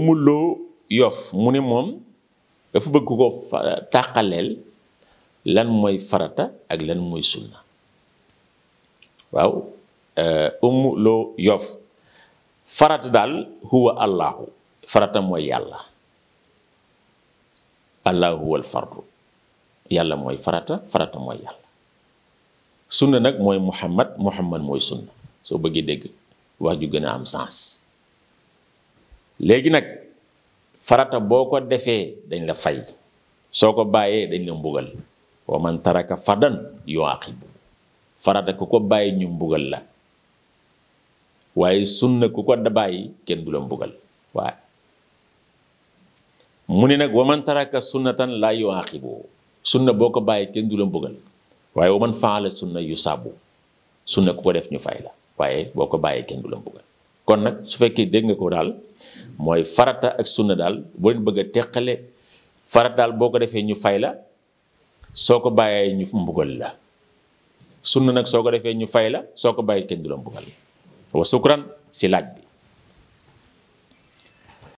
loo yof mu ne moom dafa bëgg ko tàqaleel lan mooy farata ak lan mooy sunna waaw euh, umuloo yof farata daal huwa allahu farata mooy yàlla allahu huwal fardu yàlla mooy farata farata mooy yàlla sunna nag mooy muhammad muhammad mooy sunna soo bëggee dégg wax ju gën a am sens léegi nag farata boo ko defee dañ la fay soo ko bàyyee dañ la mbugal man taraka fardan yuaqibu farata ko bàyyi ñu mbugal la waaye sunna ku ko bàyyi kenn du la mbugal waaye mu ne nag wa man taraka sunnatan laa yuaqibu sunna boo ko bàyyi kenn du la man faala sunna yu sàbbu sunna ku ko def ñu fay la waaye boo ko bàyyi kenn du la mbugal kon nag su fekkee dégg nga ko daal mooy farata ak sunna daal boo bëgg a teqale farata daal boo ko defee ñu fay la soo ko bàyyee ñu mbugal la sunna nag soo ko defee ñu fay la soo ko bàyyee kenn du la mbugal wa sukran si laaj